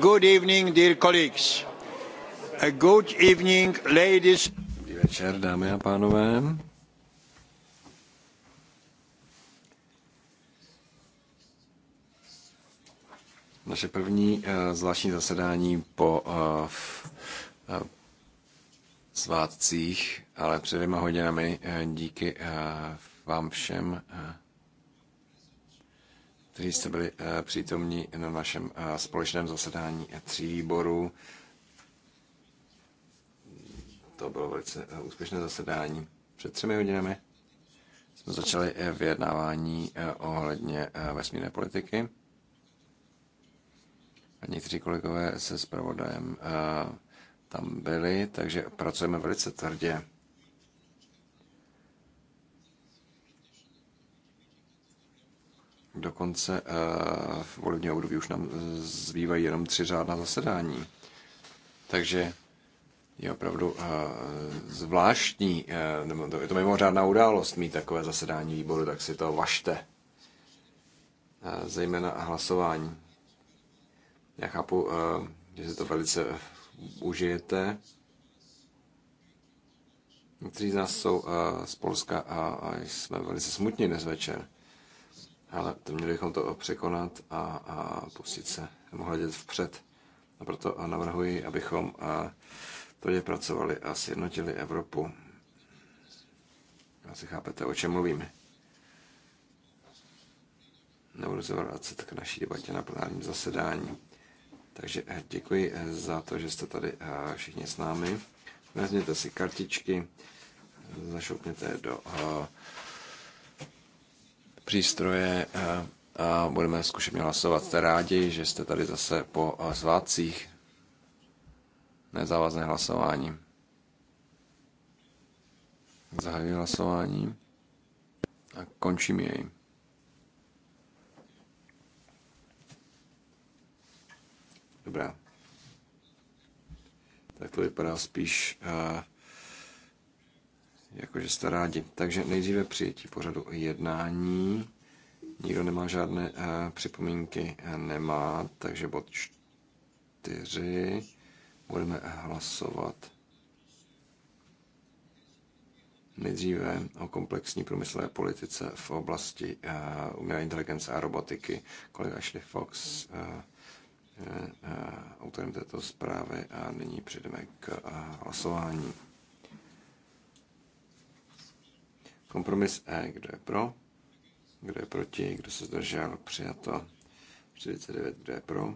good evening, dear colleagues. A good evening, ladies. Dobrý večer, dámy a pánové. Naše první eh, zvláštní zasedání po eh, eh, svátcích, ale před dvěma hodinami díky vám všem kteří jste byli eh, přítomní na našem eh, společném zasedání tří výborů. To bylo velice eh, úspěšné zasedání. Před třemi hodinami jsme začali vyjednávání ohledně vesmírné politiky. Někteří kolegové se zpravodajem tam byli, takže pracujeme velice tvrdě do konce uh, eh, volebního období už nám zbývají jenom tři řádná zasedání. Takže je opravdu uh, zvláštní, uh, nebo to, je to mimořádná událost mít takové zasedání výboru, tak si to vašte. Uh, zejména hlasování. Já chápu, uh, že si to velice užijete. Někteří z nás jsou uh, z Polska a, a jsme velice smutní dnes večer. Ale to měli bychom to překonat a, a pustit se nebo hledět vpřed. A proto navrhuji, abychom tvrdě pracovali a sjednotili Evropu. Asi chápete, o čem mluvíme. Nebudu se vracet k naší debatě na plenárním zasedání. Takže eh, děkuji eh, za to, že jste tady eh, všichni s námi. Vezměte si kartičky, zašoupněte do přístroje eh, a budeme zkušeně hlasovat. Rádi, že jste tady zase po zvácích eh, Nezávazné hlasování. Zahajuji hlasování a končím jej. Dobrá. Tak to vypadá spíš uh, jakože jste rádi. Takže nejdříve přijetí pořadu jednání. Nikdo nemá žádné uh, připomínky, eh, nemá, takže bod čtyři. budeme hlasovat nejdříve o komplexní průmyslové politice v oblasti uh, umělé inteligence a robotiky. Kolega Ashley Fox uh, je uh, autorem této zprávy a nyní přejdeme k uh, hlasování. Kompromis E, kdo je pro, kdo je proti, kdo se zdržel, přijato. 49, kdo je pro.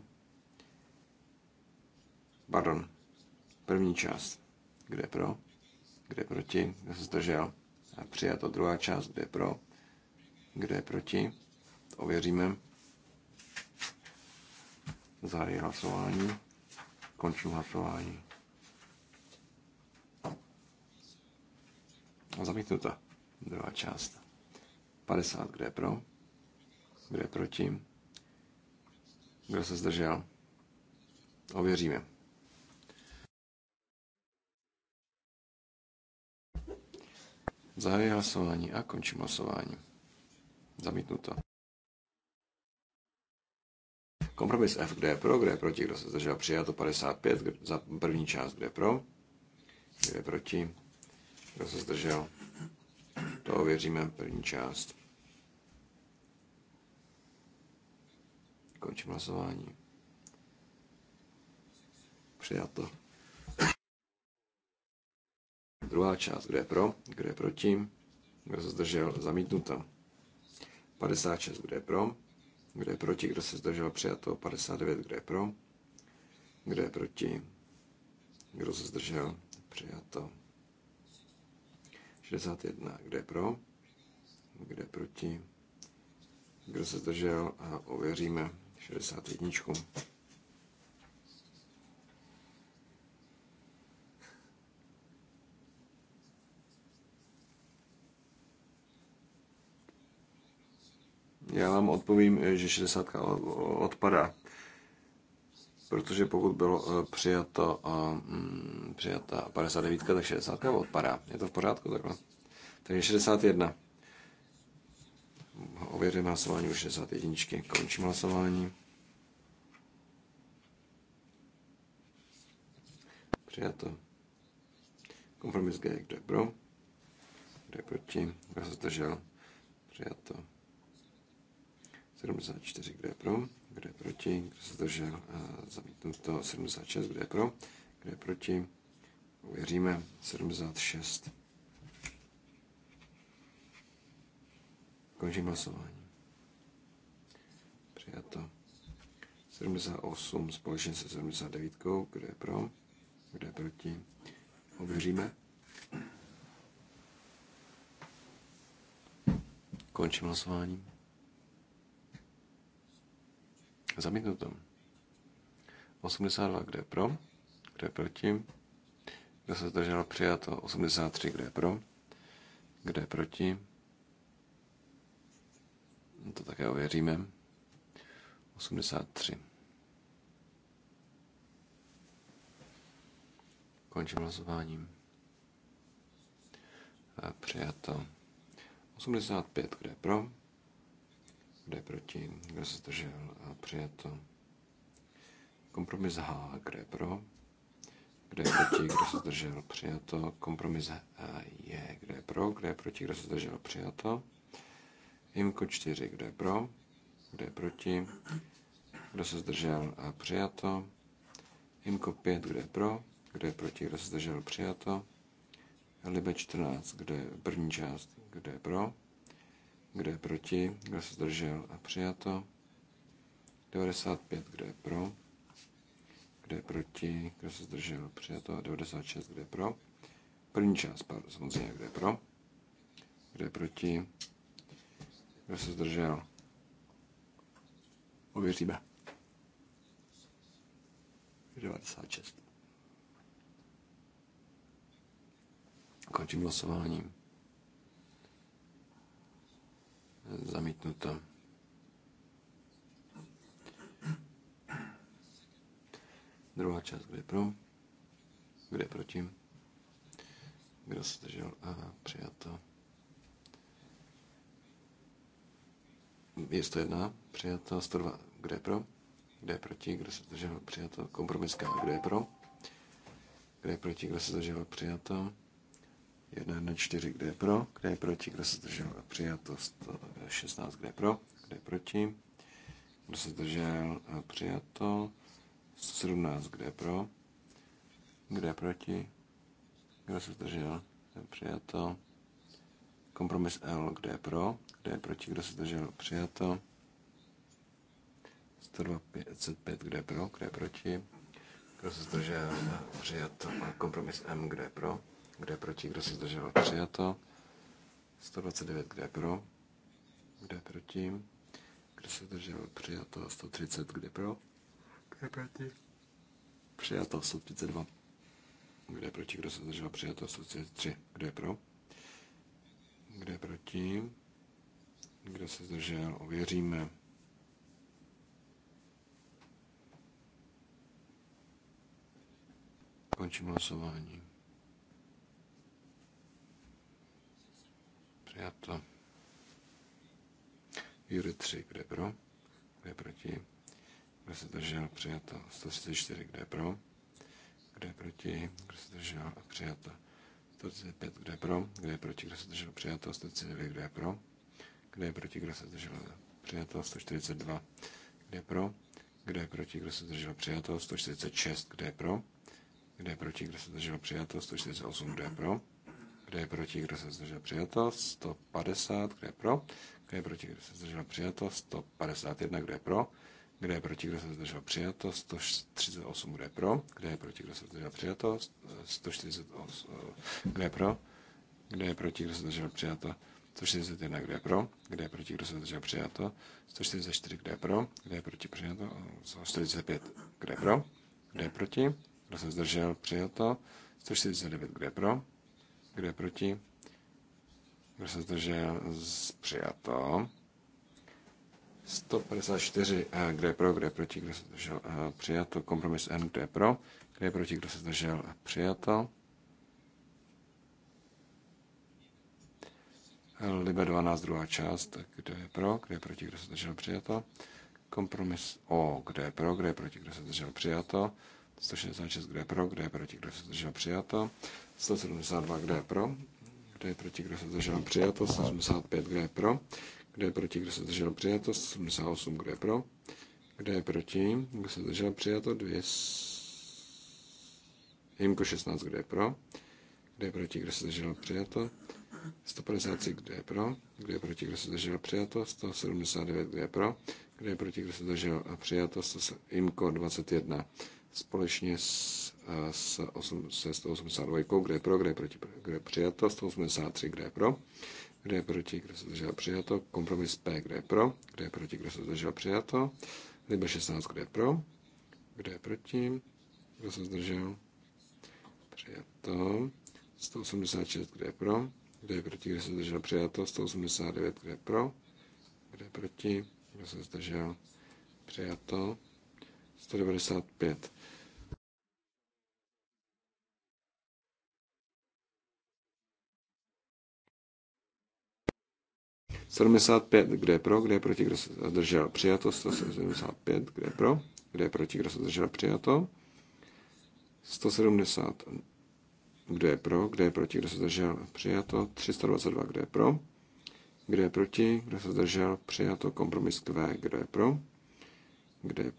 Pardon, první část, kdo je pro, kdo je proti, kdo se zdržel, a přijato druhá část, kdo je pro, kdo je proti, to ověříme. Zahájí hlasování, končím hlasování. A zamítnuta. Druhá část. 50, kdo je pro? Kdo je proti? Kdo se zdržel? Ověříme. Zahajuji hlasování a končím hlasování. Zamítnuto. Kompromis F, kde je pro, kde je proti, kdo se zdržel, přijato 55 za první část, kde je pro, kde je proti, kdo se zdržel, to ověříme první část. Končím hlasování. Přijato. Druhá část, kdo je pro, kdo je proti, kdo se zdržel, zamítnuto. 56, kdo je pro, kdo je proti, kdo se zdržel, přijato. 59, kdo je pro, kdo je proti, kdo se zdržel, přijato. 61. Kdo je pro? Kdo je proti? Kdo se zdržel? A ověříme 61. Já vám odpovím, že 60 odpadá protože pokud bylo eh, přijato, eh, mm, přijata 59, tak 60 odpadá. Je to v pořádku takhle? Takže 61. Ověřím hlasování už 61. Končím hlasování. Přijato. Kompromis G, kdo je pro? Kdo je proti? Kdo se zdržel? Přijato. 74, kdo je pro? kdo je proti, kdo se zdržel, eh, zamítnuto 76, kdo je pro, kdo je proti, uvěříme 76. Končím hlasování. Přijato. 78 společně se 79, kdo je pro, kdo je proti, uvěříme. Končím hlasování. to. 82, kde je pro? Kde je proti? Kdo se zdržel? Přijato. 83, kde je pro? Kde je proti? To také ověříme. 83. Končím hlasováním. Přijato. 85, kde je pro? Kdo je proti? Kdo se zdržel? a Přijato. Kompromis H. Kdo je pro? Kdo je proti? Kdo se zdržel? Přijato. Kompromis je. Kdo je pro? Kdo je proti? Kdo se zdržel? Přijato. Imko 4. Kdo je pro? Kdo je proti? Kdo se zdržel? A přijato. Imko 5. Kdo je pro? Kdo je proti? Kdo se zdržel? Přijato. Libe 14. Kdo je první část? Kdo je pro? kdo je proti, kdo se zdržel a přijato. 95, kdo je pro, kdo je proti, kdo se zdržel, a přijato. 96, kdo je pro. První část, pardon, samozřejmě, kdo je pro, kdo je proti, kdo se zdržel. Ověříme. 96. Končím hlasováním. Zamítnuto. Druhá část, kdo je pro, kde je proti, kdo se držel a přijato. Je 101, přijato 102, kde je pro, kde je proti, kdo se držel, přijato kompromiská, kde je pro, kde je proti, kdo se držel, přijato. 1, 1, 4, kde je pro, kde je proti, kdo se držel přijato, 100, 16, kde je pro, kde je proti. Kdo se zdržel? Přijato. 117, kde je pro, kde je proti. Kdo se zdržel? Přijato. Kompromis L, kde je pro, kde je proti, kdo se zdržel? Přijato. 125, kde je pro, kde je proti. Kdo se zdržel? Přijato. Kompromis M, kde je pro, kde je proti, kdo se zdržel? Přijato. 129, kde je pro, kde proti, kdo se zdržel, přijato 130, kde pro, kde proti, přijato 132, kde proti, kdo se zdržel, přijato 133, kde pro, kde proti, kdo se zdržel, ověříme. Končím hlasování. Přijato. Jury 3, kde pro, kde proti, kdo se držel, přijato 134, kde pro, kde proti, kdo se držel, přijato 135, kde pro, kde proti, kdo se držel, přijato 139, kde pro, kde proti, kdo se držel, přijato 142, kde pro, kde proti, kdo se držel, přijato 146, kde pro, kde proti, kdo se držel, přijato 148, kde pro, kde je proti, kdo se zdržel přijato, 150, kde je pro, kdo je proti, kdo se zdržel přijato? 151. Kdo je pro? Kdo je proti, kdo se zdržel přijato? 138. Kdo je pro? Kdo je proti, kdo se zdržel přijato? 148. Kdo je pro? Kdo je proti, kdo se zdržel přijato? 141, kdo je pro, kdo je proti, kdo se zdržel přijato, 144, kdo je pro, kdo je proti přijato, 145, kdo je pro, kdo je proti, kdo se zdržel přijato, 149, kdo je pro, kdo je proti, kdo se zdržel? Přijato. 154. Kdo je pro, kdo je proti, kdo se zdržel? Přijato. Kompromis N, kdo je pro, kdo je proti, kdo se zdržel? Přijato. Libe 12, druhá část. Kdo je pro, kdo je proti, kdo se zdržel? Přijato. Kompromis O, kdo je pro, kdo je proti, kdo se zdržel? Přijato. 166, kdo je pro, kdo je proti, kdo se zdržel? Přijato. 172, kdo je pro, kdo je proti, kdo se zdržel? Přijato. 75. Kdo je pro? Kdo je proti, kdo se zdržel? Přijato. 78. Kdo je pro? Kdo je proti? Kdo se zdržel? Přijato. 200. Jimko 16, kdo je pro? Kdo je proti, kdo se zdržel přijato? 153, kdo je pro? Kdo je proti, kdo se zdržel přijato? 179, kdo je pro? Kdo je proti, kdo se zdržel přijato? Imko 21. Společně s s 8, se 182, kde je pro, kde je proti, kde je přijato, 183, kde je pro, kde je proti, kde se zdržel přijato, kompromis P, kde je pro, kde je proti, kde se zdržel přijato, Libe 16, kde je pro, kde je proti, kde se zdržel, přijato, 186, kde je pro, kde je proti, kde se zdržel přijato, 189, kde je pro, kde je proti, kde se zdržel přijato, 195 75, kde je pro, kde je proti, kdo se zdržel přijato, 175, kde je pro, kde je proti, kdo se zdržel přijato, 170, kde je pro, kde je proti, kdo se zdržel přijato, 322, kde je pro, kde je proti, kdo se zdržel přijato, kompromis Q, kde je pro, kde je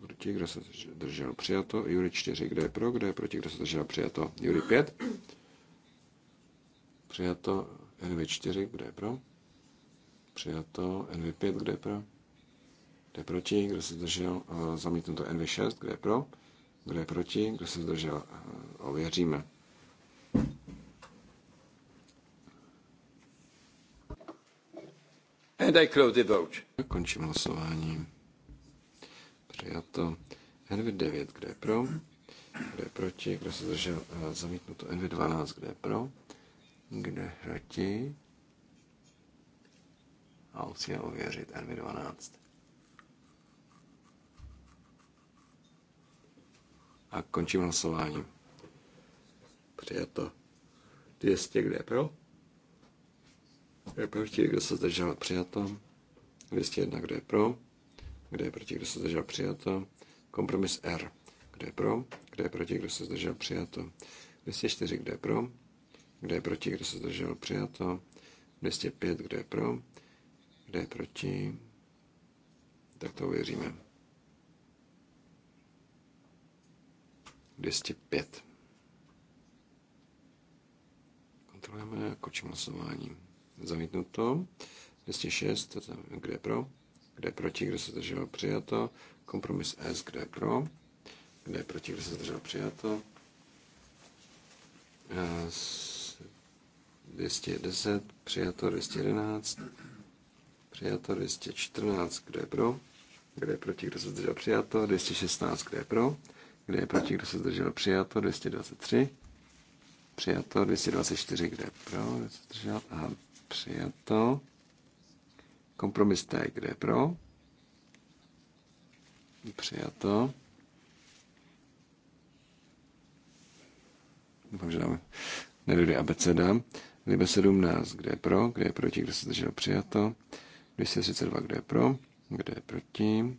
proti, kdo se zdržel přijato, Juri 4, kde je pro, kde je proti, kdo se zdržel přijato, Juri 5, přijato, NV4, kde je pro? Přijato. NV5, kde je pro? Kde je proti? Kdo se zdržel? Zamítnuto NV6, kde je pro? Kdo je proti? Kdo se zdržel? Eh, eh, ověříme. And I close the vote. Končím hlasování. Přijato. NV9, kde je pro? Kde je proti? Kdo se zdržel? Eh, zamítnuto NV12, kde je pro? Kde je proti? a musíme ověřit NV12. A končím hlasování. Přijato. 200, kde je pro? Kde je proti, kdo se zdržel, přijato. 201, kde je pro? Kde je proti, kdo se zdržel, přijato. Kompromis R. Kde je pro? Kde je proti, kdo se zdržel, přijato. 204, kde je pro? Kde je proti, kdo se zdržel, přijato. 205, kde je pro? Kdo je proti? Tak to uvěříme. 205. Kontrolujeme, kočím hlasování. Zamítnuto. 206, kde je pro? Kde je proti? Kdo se zdržel? Přijato. Kompromis S, kde je pro? Kde je proti? Kdo se zdržel? Přijato. 210, eh, přijato 211. Přijato 214, kdo je pro? Kdo je proti, kdo se zdržel? Přijato 216, kdo je pro? Kdo je proti, kdo se zdržel? Přijato 223. Přijato 224, kde je pro? Kdo se zdržel? a přijato. Kompromis T, kde je pro? Přijato. Doufám, že nám nedojde abeceda. Libe 17, kde je pro, kde je proti, kdo se držel přijato. 232, kdo je pro, kdo je proti,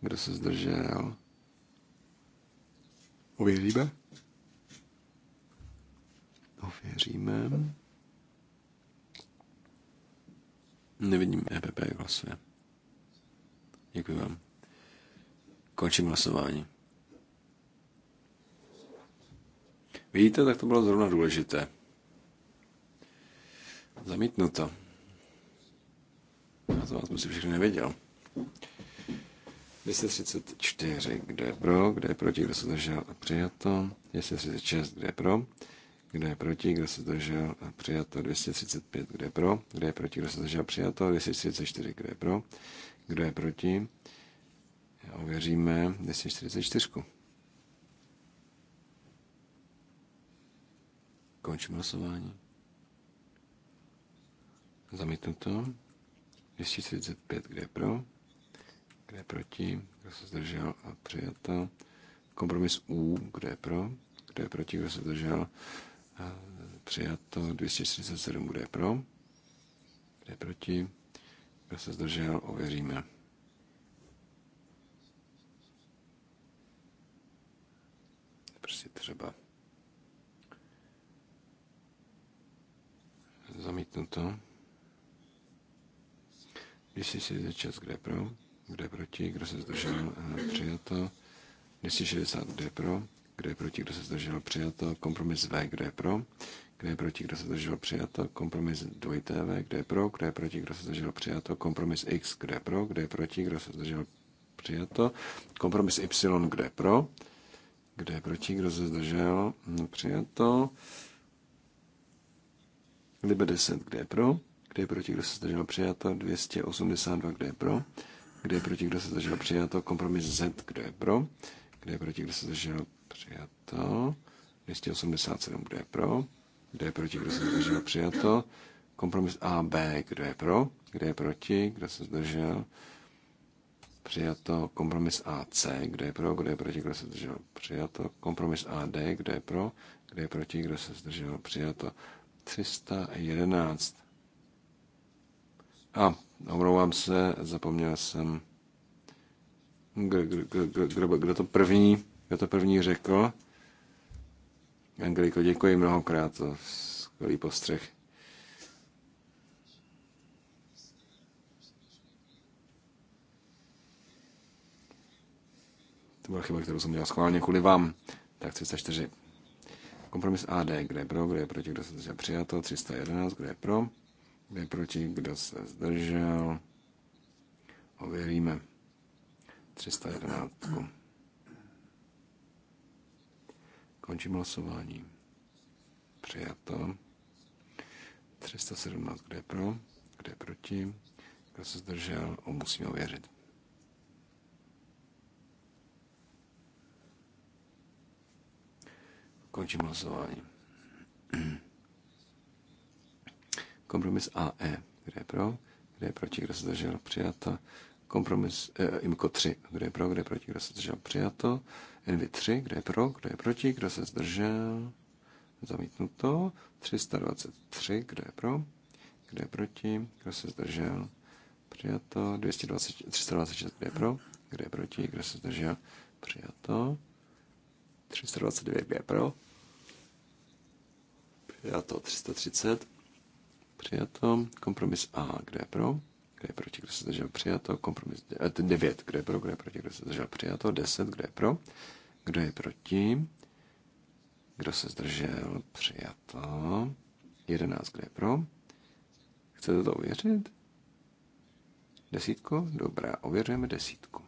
kdo se zdržel. Uvěříme? Uvěříme. Nevidím EPP, jak hlasuje. Děkuji vám. Končím hlasování. Vidíte, tak to bylo zrovna důležité. Zamítnuto. Já to vás musím všechny nevěděl. 234, kdo je pro, kdo je proti, kdo se zdržel a přijato. 236, kdo je pro, kdo je proti, kdo se zdržel a přijato. 235, kdo je pro, kdo je proti, kdo se zdržel přijato. 234, kdo je pro, kdo je proti. Já ověříme 244. Končím hlasování. Zamítnuto. 245, kde je pro, kde je proti, kdo se zdržel a přijato. Kompromis U, kde je pro, kde je proti, kdo se zdržel a přijato. 247, kde je pro, kde je proti, kdo se zdržel, ověříme. Prostě třeba zamítnuto. 246, kde pro, kde proti, kdo se zdržel, přijato. 260, kde pro, kde proti, kdo se zdržel, přijato. Kompromis V, kde pro, kde proti, kdo se zdržel, přijato. Kompromis 2 V, kde pro, kde proti, kdo se zdržel, přijato. Kompromis X, kde pro, kde proti, kdo se zdržel, přijato. Kompromis Y, kde pro, kde proti, kdo se zdržel, přijato. Libe 10, kde pro, kde je proti, kdo se zdržel přijato, 282, kde je pro, kde je proti, kdo se zdržel přijato, kompromis Z, kde je pro, kde je proti, kdo se zdržel přijato, 287, kde je pro, kde je proti, kdo se zdržel přijato, kompromis AB, kdo je pro, kde je proti, kdo se zdržel, přijato, kompromis AC, kdo je pro, kdo je proti, kdo se zdržel, přijato, kompromis AD, kdo je pro, kde je proti, kdo se zdržel, přijato, 311, a omlouvám se, zapomněl jsem, kdo to první, kdo to první řekl. Angeliko, děkuji mnohokrát, to skvělý postřeh. To byla chyba, kterou jsem dělal schválně kvůli vám. Tak 304. Kompromis AD, kde je pro, kde je proti, kdo se zdržel přijato, 311, kde je pro, kdo proti? Kdo se zdržel? Ověříme. 311. Končím hlasování. Přijato. 317. Kde je pro? Kde je proti? Kdo se zdržel? O, musíme ověřit. Končím hlasování. Kompromis AE. kde je pro? kde je proti? Kdo se zdržel? Přijato. Kompromis eh, IMCO 3. kde je pro? kde je proti? Kdo se zdržel? Přijato. NV 3. kde je pro? Kdo je proti? Kdo se zdržel? Zamítnuto. 323. Kdo je pro? Kdo je proti? Kdo se zdržel? Přijato. 220, 326. Kdo je pro? Kdo je proti? Kdo se zdržel? Přijato. 329. Kdo je pro? Přijato. 330 Přijato. Kompromis A. kde je pro? kde je proti? Kdo se zdržel? Přijato. Kompromis 9. kde je pro? kde je proti? Kdo se zdržel? Přijato. 10. kde je pro? Kdo je proti? Kdo se zdržel? Přijato. 11. Eh, kde je pro? Chcete to ověřit? Desítko? Dobrá, ověřujeme desítku.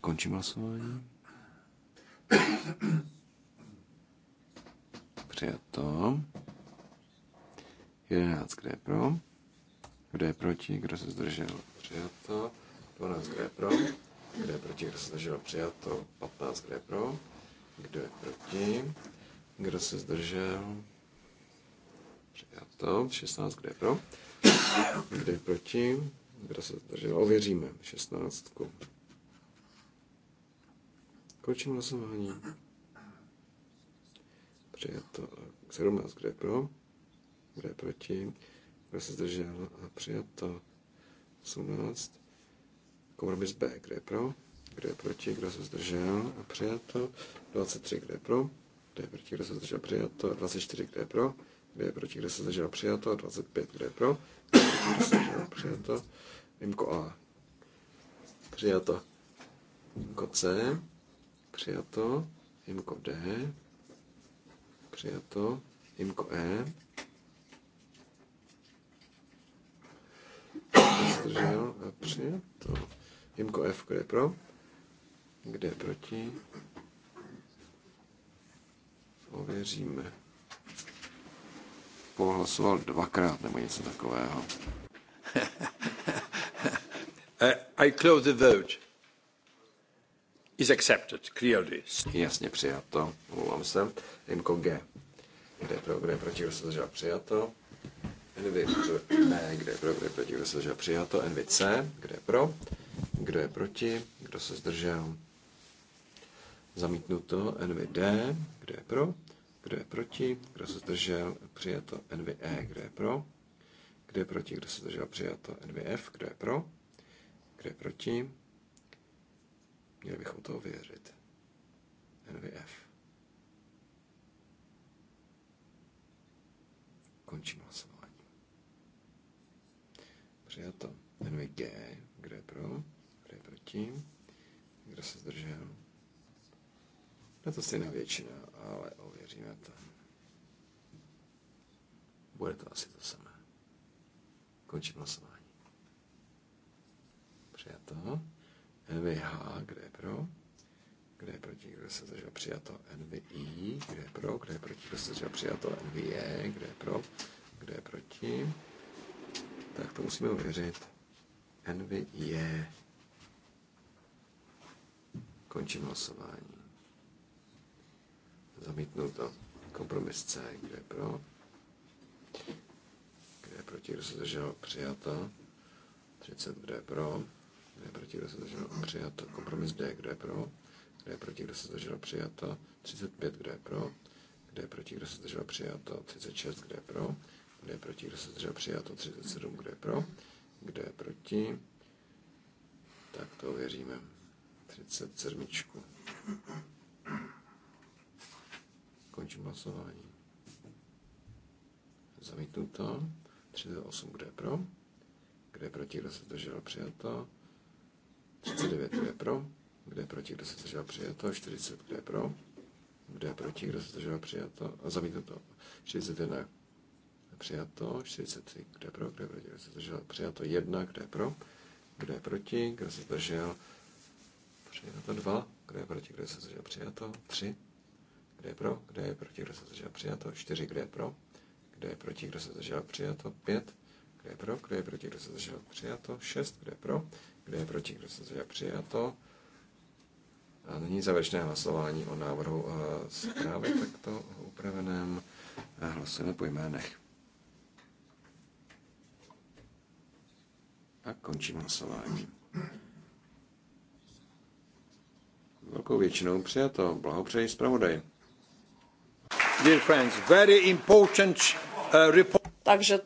Končím hlasování. Přijato. 11, kde je pro? Kdo je proti? Kdo se zdržel? Přijato. 12, kde je pro? Kdo je proti? Kdo se zdržel? Přijato. 15, kde je pro? Kdo je proti? Kdo se zdržel? Přijato. 16, kde je pro? Kdo je proti? Kdo se zdržel? Ověříme. 16. Končím hlasování. Eh, přijato 17, kdo je pro, kdo je proti, kdo se zdržel a přijato 18, kompromis B, kdo je pro, kdo je proti, kdo se zdržel a přijato 23, kdo je pro, kdo je proti, kdo se zdržel přijato 24, kdo je pro, kdo je proti, kdo se zdržel přijato 25, kdo je pro, kdo je proti, kdo se zdržel přijato, Imko A, přijato Imko C, přijato Imko D, Přijato. Imko E. Zdržel a přijato. Imko F, kde je pro? Kde je proti? Ověříme. Pohlasoval dvakrát nebo něco takového. I close the vote is accepted, clearly. Jasně přijato, omlouvám se. Imko G. Kde pro, kde proti, kdo se zdržel přijato. NV B, kde je pro, kde proti, kdo se zdržel přijato. NVC, kde je pro, kdo je proti, kdo se zdržel. Zamítnuto D, kde je pro, kdo je proti, kdo se zdržel, přijato E, kde je pro, kdo je proti, kdo se zdržel, přijato F, kdo je pro, kdo je proti, Měli bychom toho věřit. NVF. Končím hlasování. Přijato. G. Kdo je pro? Kdo je proti? Kdo se zdržel? No to stejná většina, ale ověříme to. Bude to asi to samé. Končím hlasování. Přijato. NVH, kde je pro, kde je proti, kdo se zdržel přijato NVI, kde je pro, kde je proti, kdo se zdržel přijato NVE, kde je pro, kde je proti. Tak to musíme ověřit. NVE. Končím hlasování. to. Kompromis C, kde je pro, kde je proti, kdo se zdržel přijato. 30, kde je pro, kdo je proti, kdo se zdržel? Přijato. Kompromis D. Kdo je pro? Kdo je proti, kdo se zdržel? Přijato. 35. Kdo je pro? Kdo je proti, kdo se zdržel? Přijato. 36. Kdo je pro? Kdo je proti, kdo se zdržel? Přijato. 37. Kdo je pro? Kdo je proti? Tak to ověříme. 37. Končím hlasování. Zamítnuto. 38, kdo je pro? kde je proti, kdo se zdržel? Přijato. 39, kdo je pro, kdo je proti, kdo se zdržel přijato, 40, kdo je pro, kdo je proti, kdo se zdržel přijato, a to. 41, přijato, 43, kdo je pro, kdo je proti, kdo se zdržel přijato, 1, kdo je pro, kdo je proti, kdo se zdržel přijato, 2, kdo je proti, kdo se zdržel přijato, 3, kdo je pro, kdo je proti, kdo se zdržel přijato, 4, kdo je pro, kdo je proti, kdo se zdržel přijato, 5, kdo je pro, kdo je proti, kdo se zdržel přijato, 6, kdo je pro, kdo je proti? Kdo se zvěděl Přijato. A nyní závěrečné hlasování o návrhu eh, zprávy takto upraveném. Eh, hlasujeme po jménech. A končím hlasování. Velkou většinou přijato. Blahopřeji zpravodaj. Dear friends, very important, uh, report. Takže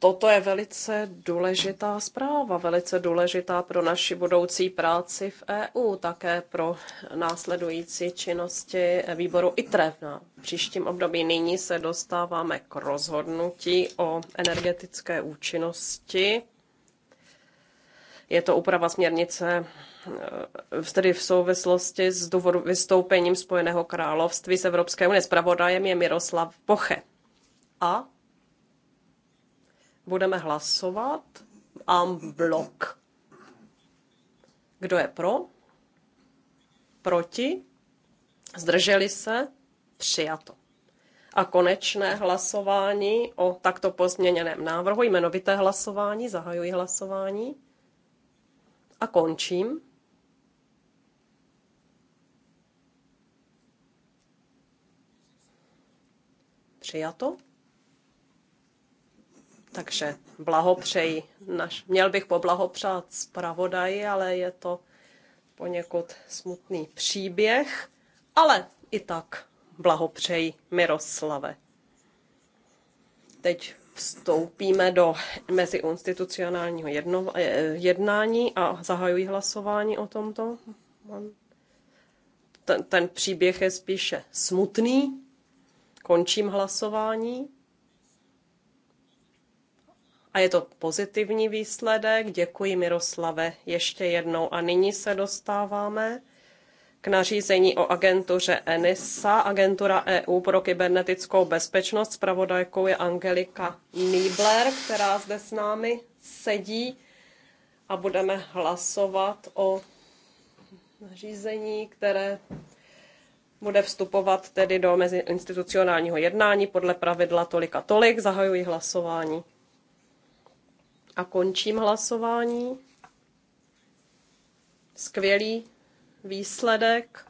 toto je velice důležitá zpráva, velice důležitá pro naši budoucí práci v EU, také pro následující činnosti výboru ITRE. Na příštím období nyní se dostáváme k rozhodnutí o energetické účinnosti. Je to úprava směrnice eh, tedy v souvislosti s důvodu vystoupením Spojeného království z Evropské unie. Spravodajem je Miroslav Poche. A Budeme hlasovat am blok. Kdo je pro? Proti? Zdrželi se? Přijato. A konečné hlasování o takto pozměněném návrhu, jmenovité hlasování, zahajuji hlasování a končím. Přijato. Takže blahopřeji. Naš, měl bych poblahopřát zpravodaji, ale je to poněkud smutný příběh. Ale i tak blahopřeji Miroslave. Teď vstoupíme do meziinstitucionálního jedno, eh, jednání a zahajují hlasování o tomto. Ten, ten příběh je spíše smutný. Končím hlasování. A je to pozitivní výsledek. Děkuji Miroslave ještě jednou. A nyní se dostáváme k nařízení o agentuře ENISA, agentura EU pro kybernetickou bezpečnost. Spravodajkou je Angelika Niebler, která zde s námi sedí a budeme hlasovat o nařízení, které bude vstupovat tedy do meziinstitucionálního jednání podle pravidla tolik a tolik. Zahajuji hlasování. A končím hlasování. Skvělý výsledek,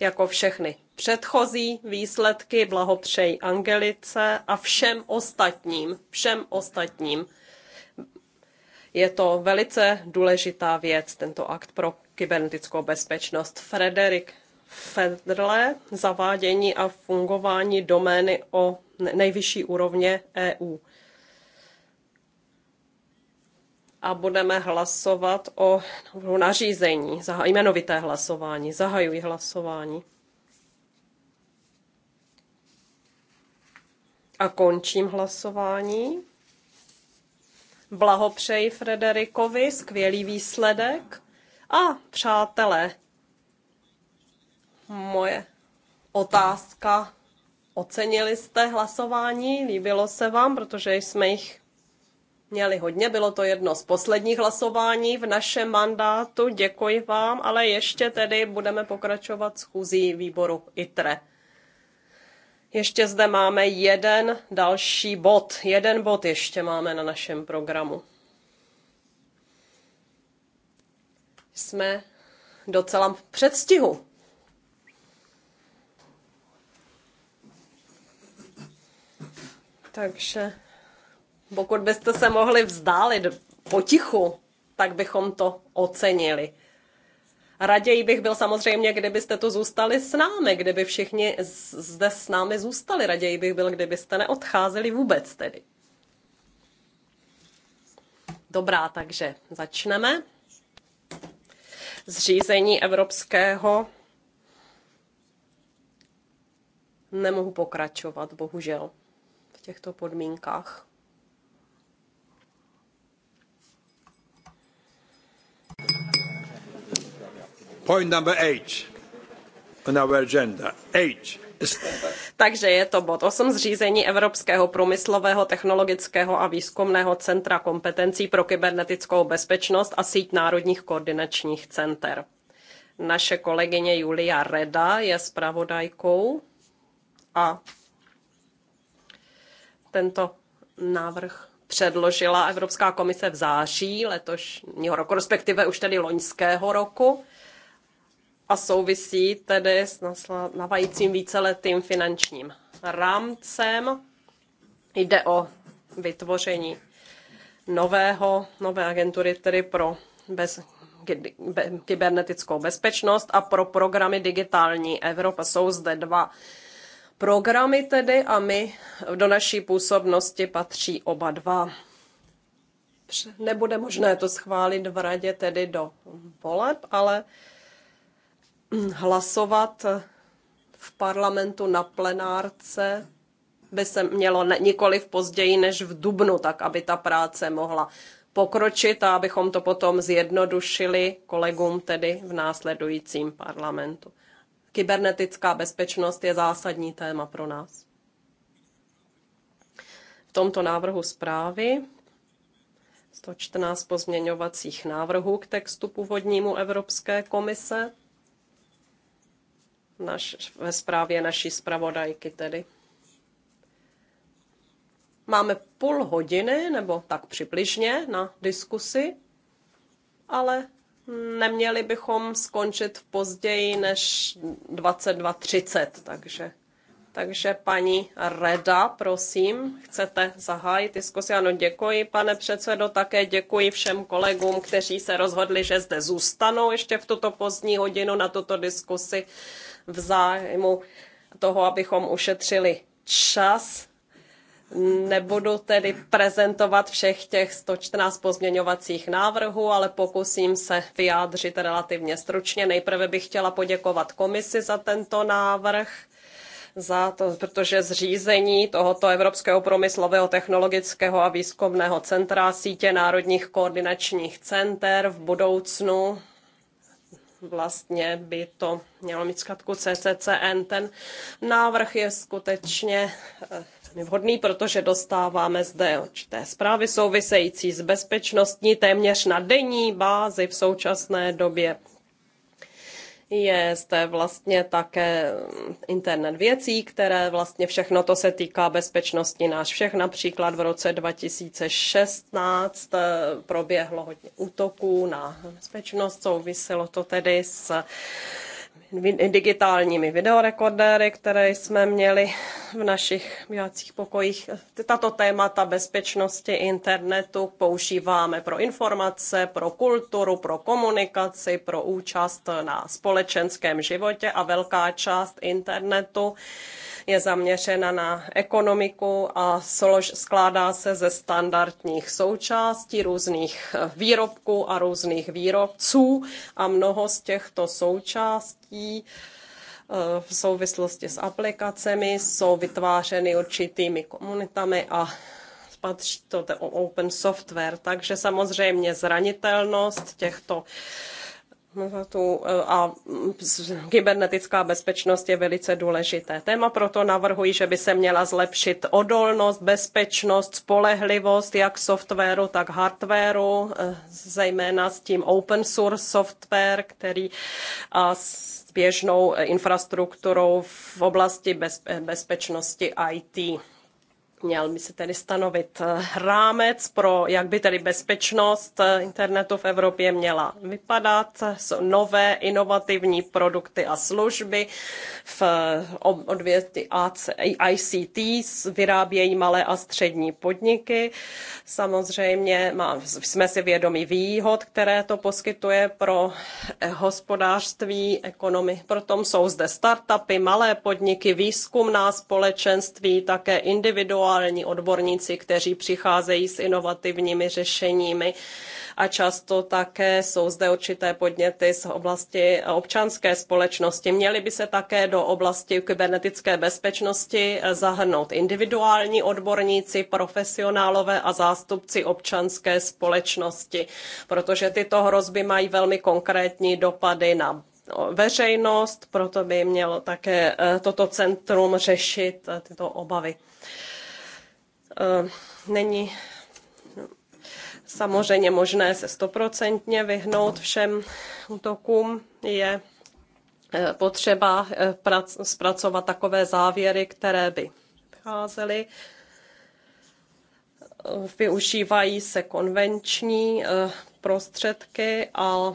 jako všechny předchozí výsledky. blahopřej Angelice a všem ostatním, všem ostatním. Je to velice důležitá věc, tento akt pro kybernetickou bezpečnost. Frederik Federle, zavádění a fungování domény o nejvyšší úrovně EU. a budeme hlasovat o nařízení, jmenovité hlasování. Zahajuji hlasování. A končím hlasování. Blahopřeji Frederikovi, skvělý výsledek. A přátelé, moje otázka. Ocenili jste hlasování? Líbilo se vám, protože jsme jich měli hodně. Bylo to jedno z posledních hlasování v našem mandátu. Děkuji vám, ale ještě tedy budeme pokračovat schůzí výboru ITRE. Ještě zde máme jeden další bod. Jeden bod ještě máme na našem programu. Jsme docela v předstihu. Takže pokud byste se mohli vzdálit potichu, tak bychom to ocenili. Raději bych byl samozřejmě, kdybyste tu zůstali s námi, kdyby všichni zde s námi zůstali. Raději bych byl, kdybyste neodcházeli vůbec tedy. Dobrá, takže začneme. Zřízení evropského. Nemohu pokračovat, bohužel, v těchto podmínkách. Point number eight on our agenda. Eight. Takže je to bod 8 zřízení Evropského průmyslového, technologického a výzkumného centra kompetencí pro kybernetickou bezpečnost a síť národních koordinačních center. Naše kolegyně Julia Reda je zpravodajkou a tento návrh předložila Evropská komise v září letošního roku, respektive už tedy loňského roku a souvisí tedy s navajícím víceletým finančním rámcem. Jde o vytvoření nového, nové agentury tedy pro bez, kybernetickou bezpečnost a pro programy Digitální Evropa. Jsou zde dva programy tedy a my do naší působnosti patří oba dva. Nebude možné to schválit v radě tedy do voleb, ale Mm, hlasovat v parlamentu na plenárce by se mělo nikoli v později než v dubnu, tak aby ta práce mohla pokročit a abychom to potom zjednodušili kolegům tedy v následujícím parlamentu. Kybernetická bezpečnost je zásadní téma pro nás. V tomto návrhu zprávy 114 pozměňovacích návrhů k textu původnímu Evropské komise naš, ve zprávě naší zpravodajky tedy. Máme půl hodiny, nebo tak přibližně, na diskusi, ale neměli bychom skončit později než 22.30, takže takže paní Reda, prosím, chcete zahájit diskusi? Ano, děkuji, pane předsedo, také děkuji všem kolegům, kteří se rozhodli, že zde zůstanou ještě v tuto pozdní hodinu na tuto diskusi v zájmu toho, abychom ušetřili čas. Nebudu tedy prezentovat všech těch 114 pozměňovacích návrhů, ale pokusím se vyjádřit relativně stručně. Nejprve bych chtěla poděkovat komisi za tento návrh za to, protože zřízení tohoto Evropského promyslového technologického a výzkumného centra sítě národních koordinačních center v budoucnu vlastně by to mělo mít zkratku CCCN. Ten návrh je skutečně eh, vhodný, protože dostáváme zde určité zprávy související s bezpečnostní téměř na denní bázi v současné době je zde vlastně také internet věcí, které vlastně všechno to se týká bezpečnosti náš všech. Například v roce 2016 eh, proběhlo hodně útoků na bezpečnost, souviselo to tedy s digitálními videorekordéry, které jsme měli v našich bílacích pokojích. Tato témata bezpečnosti internetu používáme pro informace, pro kulturu, pro komunikaci, pro účast na společenském životě a velká část internetu je zaměřena na ekonomiku a slož, skládá se ze standardních součástí různých eh, výrobků a různých výrobců a mnoho z těchto součástí eh, v souvislosti s aplikacemi jsou vytvářeny určitými komunitami a patří to open software. Takže samozřejmě zranitelnost těchto Eh, a kybernetická bezpečnost je velice důležité téma, proto navrhuji, že by se měla zlepšit odolnost, bezpečnost, spolehlivost jak softwaru, tak hardwaru, eh, zejména s tím open source software, který a s běžnou eh, infrastrukturou v oblasti bezpečnosti IT měl by se tedy stanovit eh, rámec pro, jak by tedy bezpečnost eh, internetu v Evropě měla vypadat, nové inovativní produkty a služby v eh, odvětví ICT vyrábějí malé a střední podniky. Samozřejmě má, jsme si vědomi výhod, které to poskytuje pro hospodářství, ekonomi. Proto jsou zde startupy, malé podniky, výzkumná společenství, také individuální globální odborníci, kteří přicházejí s inovativními řešeními a často také jsou zde určité podněty z oblasti občanské společnosti. Měly by se také do oblasti kybernetické bezpečnosti eh, zahrnout individuální odborníci, profesionálové a zástupci občanské společnosti, protože tyto hrozby mají velmi konkrétní dopady na veřejnost, proto by mělo také eh, toto centrum řešit eh, tyto obavy. Eh, není samozřejmě možné se stoprocentně vyhnout všem útokům. Je eh, potřeba eh, zpracovat takové závěry, které by vycházely. Využívají se konvenční prostředky a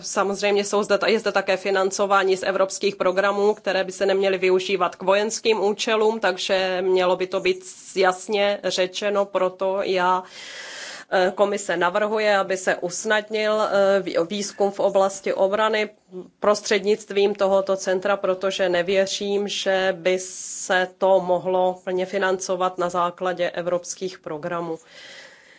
samozřejmě jsou zde, je zde také financování z evropských programů, které by se neměly využívat k vojenským účelům, takže mělo by to být jasně řečeno, proto já eh, Komise navrhuje, aby se usnadnil eh, výzkum v oblasti obrany prostřednictvím tohoto centra, protože nevěřím, že by se to mohlo plně financovat na základě evropských programů.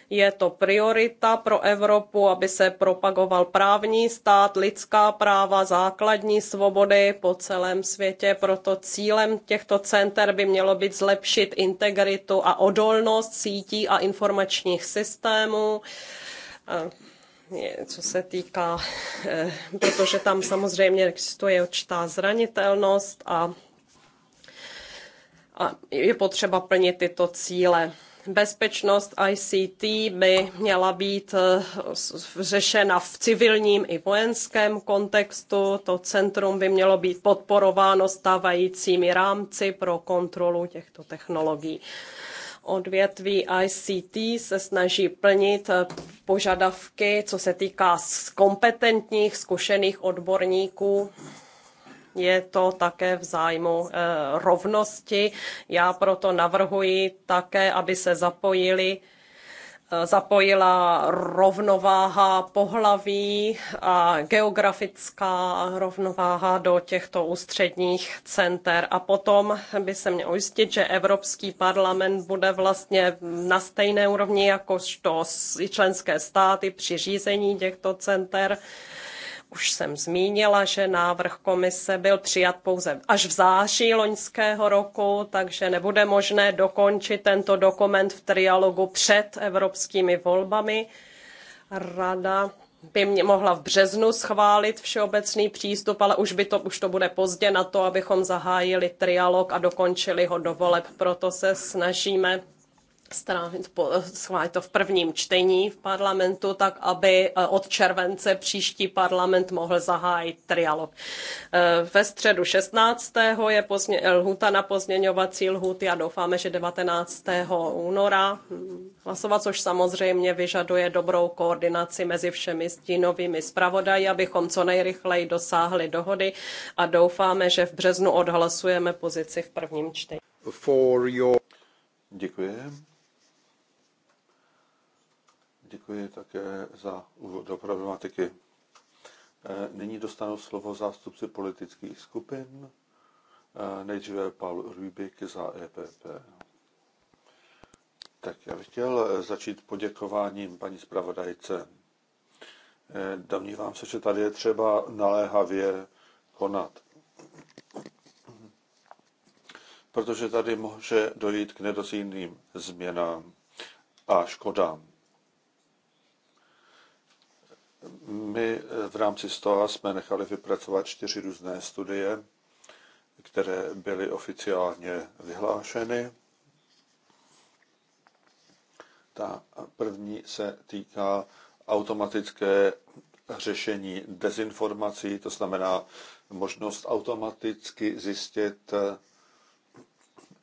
Je to priorita pro Evropu, aby se propagoval právní stát, lidská práva, základní svobody po celém světě. Proto cílem těchto center by mělo být zlepšit integritu a odolnost sítí a informačních systémů eh, co se týká, eh, protože tam samozřejmě existuje určitá zranitelnost a, a je potřeba plnit tyto cíle bezpečnost ICT by měla být eh, řešena v civilním i vojenském kontextu. To centrum by mělo být podporováno stávajícími rámci pro kontrolu těchto technologií odvětví ICT se snaží plnit eh, požadavky, co se týká kompetentních, zkušených odborníků je to také v zájmu eh, rovnosti. Já proto navrhuji také, aby se zapojili eh, zapojila rovnováha pohlaví a geografická rovnováha do těchto ústředních center. A potom by se měl ujistit, že Evropský parlament bude vlastně na stejné úrovni jakožto členské státy při řízení těchto center už jsem zmínila, že návrh komise byl přijat pouze až v září loňského roku, takže nebude možné dokončit tento dokument v trialogu před evropskými volbami. Rada by mě mohla v březnu schválit všeobecný přístup, ale už, by to, už to bude pozdě na to, abychom zahájili trialog a dokončili ho do voleb. Proto se snažíme schválit to v prvním čtení v parlamentu, tak aby eh, od července příští parlament mohl zahájit trialog. Eh, ve středu 16. je pozně, eh, lhuta na pozměňovací lhuty a doufáme, že 19. února hmm, hlasovat, což samozřejmě vyžaduje dobrou koordinaci mezi všemi stínovými zpravodaji, abychom co nejrychleji dosáhli dohody a doufáme, že v březnu odhlasujeme pozici v prvním čtení. For your... Děkuji Děkuji také za úvod do problematiky. E, nyní dostanu slovo zástupci politických skupin. E, nejdříve Paul Rubik za EPP. Tak já bych chtěl začít poděkováním paní zpravodajce. E, domnívám se, že tady je třeba naléhavě konat. Protože tady může dojít k nedozírným změnám a škodám. My eh, v rámci STOA jsme nechali vypracovat čtyři různé studie, které byly oficiálně vyhlášeny. Ta první se týká automatické řešení dezinformací, to znamená možnost automaticky zjistit,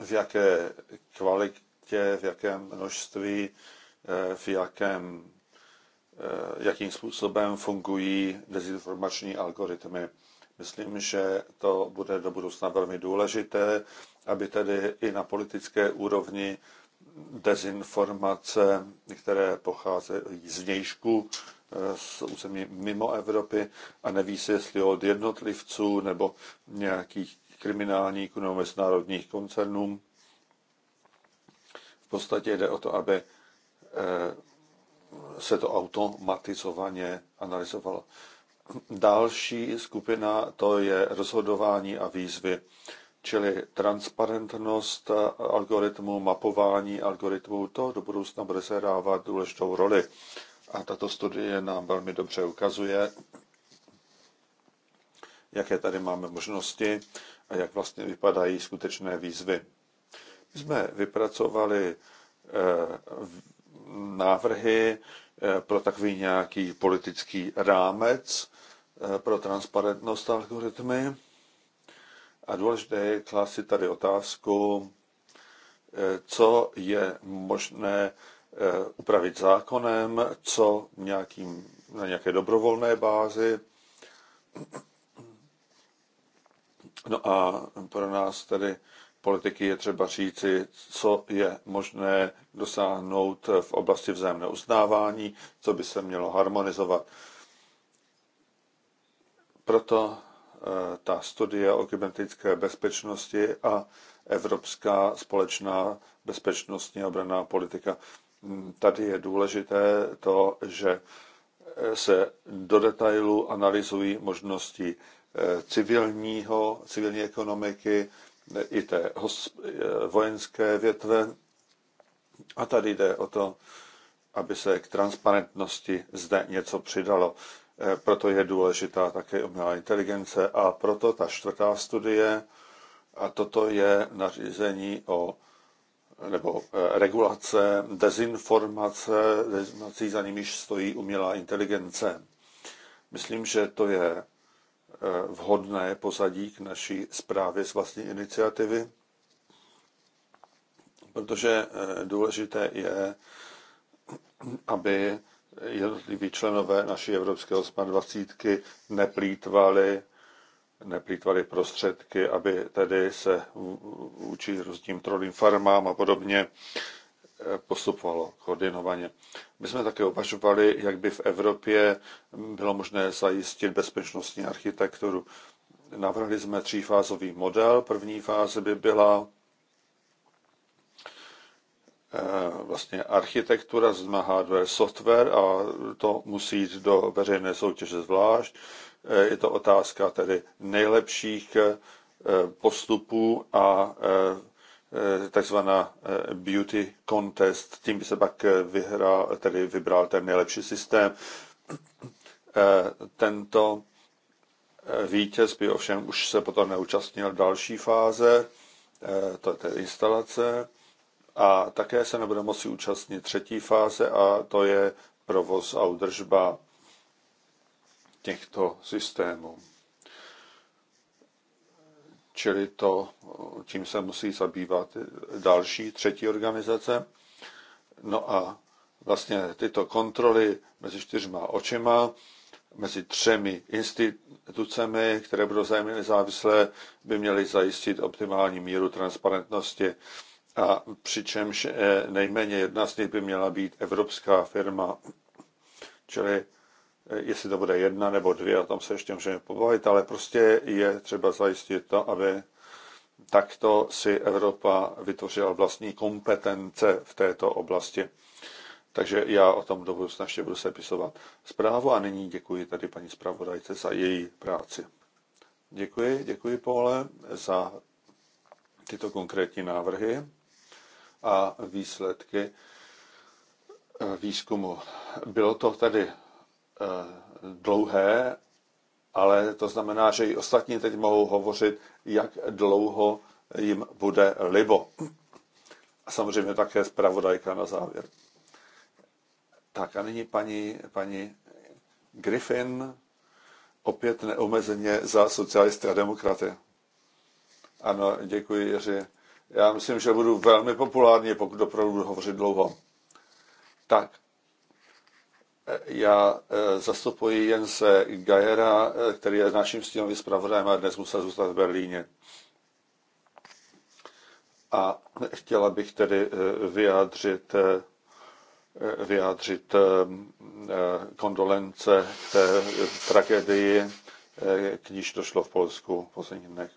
v jaké kvalitě, v jakém množství, eh, v jakém Eh, jakým způsobem fungují dezinformační algoritmy. Myslím, že to bude do budoucna velmi důležité, aby tedy i na politické úrovni dezinformace, které pocházejí z vnějšku, eh, z území mimo Evropy a neví se, jestli od jednotlivců nebo nějakých kriminálníků nebo mezinárodních koncernů. V podstatě jde o to, aby eh, se to automatizovaně analyzovalo. Další skupina to je rozhodování a výzvy, čili transparentnost algoritmu, mapování algoritmu to do budoucna bude se dávat důležitou roli. A tato studie nám velmi dobře ukazuje, jaké tady máme možnosti a jak vlastně vypadají skutečné výzvy. My jsme vypracovali eh, návrhy eh, pro takový nějaký politický rámec eh, pro transparentnost algoritmy. A důležité je klást si tady otázku, eh, co je možné upravit zákonem, co nějakým, na nějaké dobrovolné bázi. No a pro nás tedy politiky je třeba říci, co je možné dosáhnout v oblasti vzájemného uznávání, co by se mělo harmonizovat. Proto eh, ta studie o kybernetické bezpečnosti a evropská společná bezpečnostní a obraná politika. Mm, tady je důležité to, že eh, se do detailu analyzují možnosti eh, civilního, civilní ekonomiky, i té eh, vojenské větve. A tady jde o to, aby se k transparentnosti zde něco přidalo. Eh, proto je důležitá také umělá inteligence a proto ta čtvrtá studie, a toto je nařízení o nebo eh, regulace dezinformace, dezinformací, za nimiž stojí umělá inteligence. Myslím, že to je Eh, vhodné pozadí k naší zprávě z vlastní iniciativy, protože eh, důležité je, aby jednotliví členové naší Evropské 28 neplýtvali, neplýtvali prostředky, aby tedy se vůči různým trolým farmám a podobně postupovalo koordinovaně. My jsme také uvažovali, jak by v Evropě bylo možné zajistit bezpečnostní architekturu. Navrhli jsme třífázový model. První fáze by byla eh, vlastně architektura, znamená hardware, software a to musí jít do veřejné soutěže zvlášť. Eh, je to otázka tedy nejlepších eh, postupů a Eh, takzvaná eh, beauty contest, tím by se pak eh, vyhrál, tedy vybral ten nejlepší systém. Tento vítěz by ovšem už se potom neúčastnil další fáze, to je té instalace, a také se nebude moci účastnit třetí fáze a to je provoz a udržba těchto systémů. Čili to, tím se musí zabývat další, třetí organizace. No a vlastně tyto kontroly mezi čtyřma očima, mezi třemi institucemi, které budou zájemně nezávislé, by měly zajistit optimální míru transparentnosti. A přičemž eh, nejméně jedna z nich by měla být evropská firma. Čili Eh, jestli to bude jedna nebo dvě, a tam se ještě můžeme pobavit, ale prostě je třeba zajistit to, aby takto si Evropa vytvořila vlastní kompetence v této oblasti. Takže já o tom do budoucna ještě budu sepisovat zprávu a nyní děkuji tady paní zpravodajce za její práci. Děkuji, děkuji Pole za tyto konkrétní návrhy a výsledky eh, výzkumu. Bylo to tady Eh, dlouhé, ale to znamená, že i ostatní teď mohou hovořit, jak dlouho jim bude libo. A samozřejmě také zpravodajka na závěr. Tak a nyní paní, paní Griffin, opět neomezeně za socialisty a demokraty. Ano, děkuji, Jiři. Já myslím, že budu velmi populární, pokud opravdu budu hovořit dlouho. Tak, já eh, zastupuji Jense Gajera, eh, který je naším stínovým zpravodajem a dnes musel zůstat v Berlíně. A chtěla bych tedy eh, vyjádřit, vyjádřit kondolence k té tragédii, k níž došlo v Polsku v posledních dnech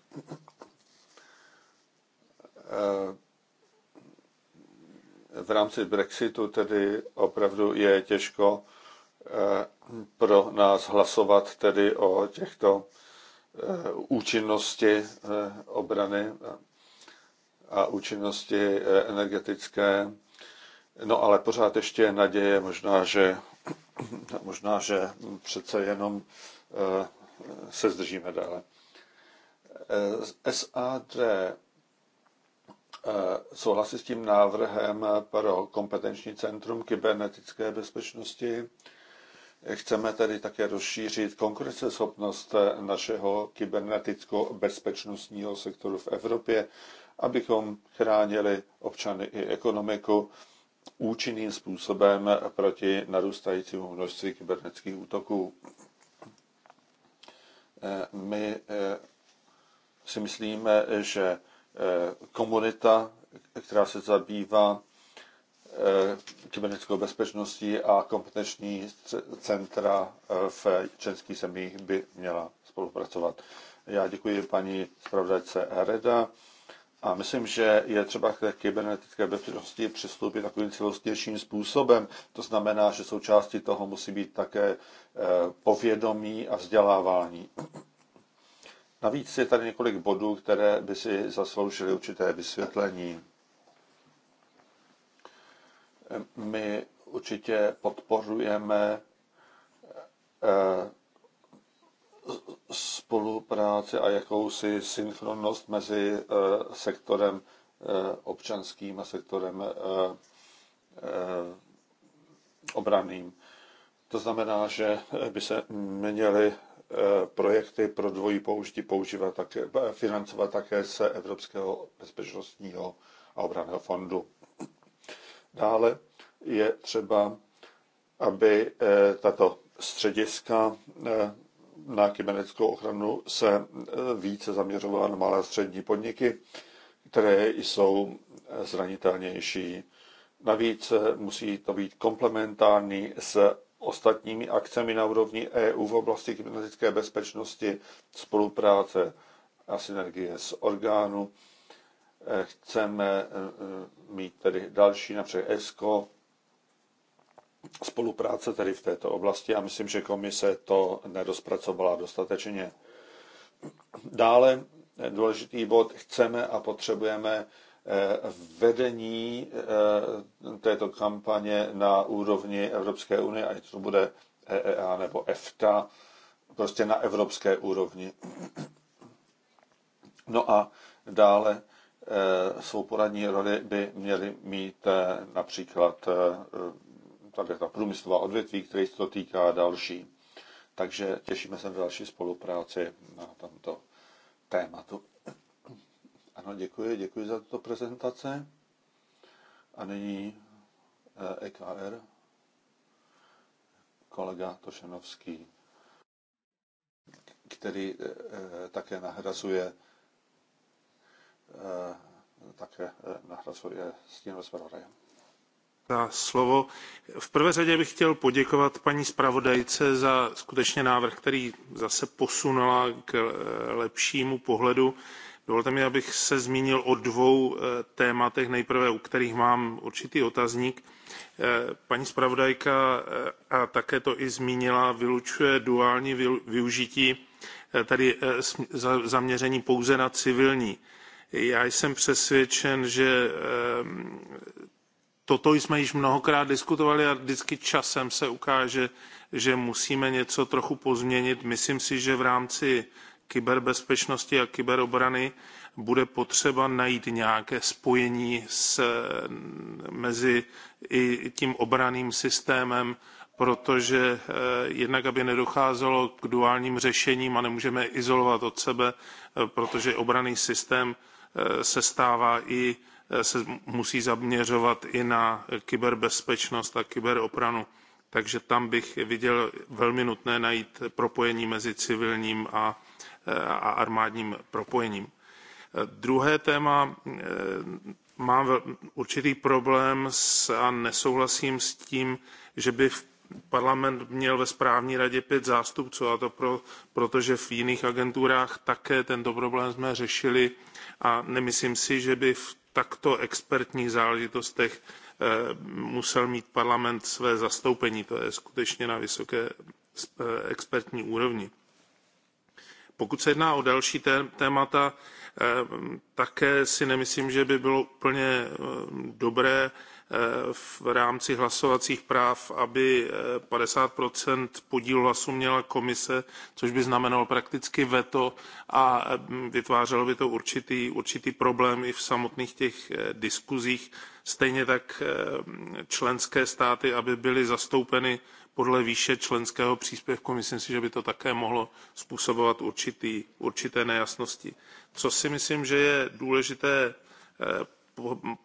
v rámci Brexitu tedy opravdu je těžko Eh, pro nás hlasovat tedy o těchto eh, účinnosti eh, obrany a účinnosti energetické. No ale pořád ještě je naděje, možná, že, možná, že přece jenom se zdržíme dále. SAD souhlasí s tím návrhem pro kompetenční centrum kybernetické bezpečnosti Chceme tedy také rozšířit konkurenceschopnost našeho kybernetickou bezpečnostního sektoru v Evropě, abychom chránili občany i ekonomiku účinným způsobem proti narůstajícímu množství kybernetických útoků. My eh, si myslíme, že eh, komunita, která se zabývá Eh, kybernetickou bezpečností a kompetenční centra eh, v českých zemích by měla spolupracovat. Já děkuji paní zpravodajce Hereda a myslím, že je třeba k té kybernetické bezpečnosti přistoupit takovým celostnějším způsobem. To znamená, že součástí toho musí být také eh, povědomí a vzdělávání. Navíc je tady několik bodů, které by si zasloužily určité vysvětlení. My určitě podporujeme eh, spolupráci a jakousi synchronnost mezi eh, sektorem eh, občanským a sektorem obraným. To znamená, že by se měly projekty pro dvojí použití používat také, financovat také z Evropského bezpečnostního a obranného fondu. Dále je třeba, aby eh, tato střediska eh, na kybernetickou ochranu se eh, více zaměřovala na malé a střední podniky, které jsou zranitelnější. Navíc musí to být komplementární s ostatními akcemi na úrovni EU v oblasti kybernetické bezpečnosti, spolupráce a synergie s orgánu Chceme eh, eh, mít tedy další, například ESCO, spolupráce tedy v této oblasti a myslím, že komise to nedospracovala dostatečně. Dále eh, důležitý bod chceme a potřebujeme vedení této kampaně na úrovni Evropské unie, ať to bude EEA nebo EFTA, prostě na evropské úrovni. No a dále Eh, svou poradní roli by měly mít eh, například eh, tady ta průmyslová odvětví, které se to týká další. Takže těšíme se na další spolupráci na tomto tématu. Ano, děkuji, děkuji za tuto prezentace A nyní EKR, e kolega Tošenovský, který také nahrazuje Eh, také eh, nahrazuje stínové zpravodaje. Za slovo. V prvé řadě bych chtěl poděkovat paní zpravodajce za skutečně návrh, který zase posunula k eh, lepšímu pohledu. Dovolte mi, abych se zmínil o dvou tématech, nejprve u kterých mám určitý otazník. Paní zpravodajka, a také to i zmínila, vylučuje duální využití, tedy zaměření pouze na civilní já jsem přesvědčen, že ehm, toto jsme již mnohokrát diskutovali a vždycky časem se ukáže, že musíme něco trochu pozměnit. Myslím si, že v rámci kyberbezpečnosti a kyberobrany bude potřeba najít nějaké spojení s, mezi i tím obraným systémem, protože eh, jednak, aby nedocházelo k duálním řešením a nemůžeme je izolovat od sebe, eh, protože obranný systém Eh, se stává i eh, se musí zaměřovat i na kyberbezpečnost a kyberobranu. Takže tam bych viděl velmi nutné najít propojení mezi civilním a, eh, a armádním propojením. Druhé téma, mám určitý problém s, a nesouhlasím s tím, že by parlament měl ve správní radě pět zástupců, a to pro, protože v jiných agenturách také tento problém jsme řešili a nemyslím si, že by v takto expertních záležitostech eh, musel mít parlament své zastoupení. To je skutečně na vysoké eh, expertní úrovni. Pokud se jedná o další témata, eh, také si nemyslím, že by bylo úplně dobré v rámci hlasovacích práv, aby 50 eh, podílu hlasu měla komise, což by znamenalo prakticky veto a mm, vytvářelo by to určitý, určitý problém i v samotných těch eh, diskuzích. Stejně tak eh, mm, členské státy, aby byly zastoupeny podle výše členského příspěvku, myslím si, že by to také mohlo způsobovat určitý, určité nejasnosti. Co si myslím, že je důležité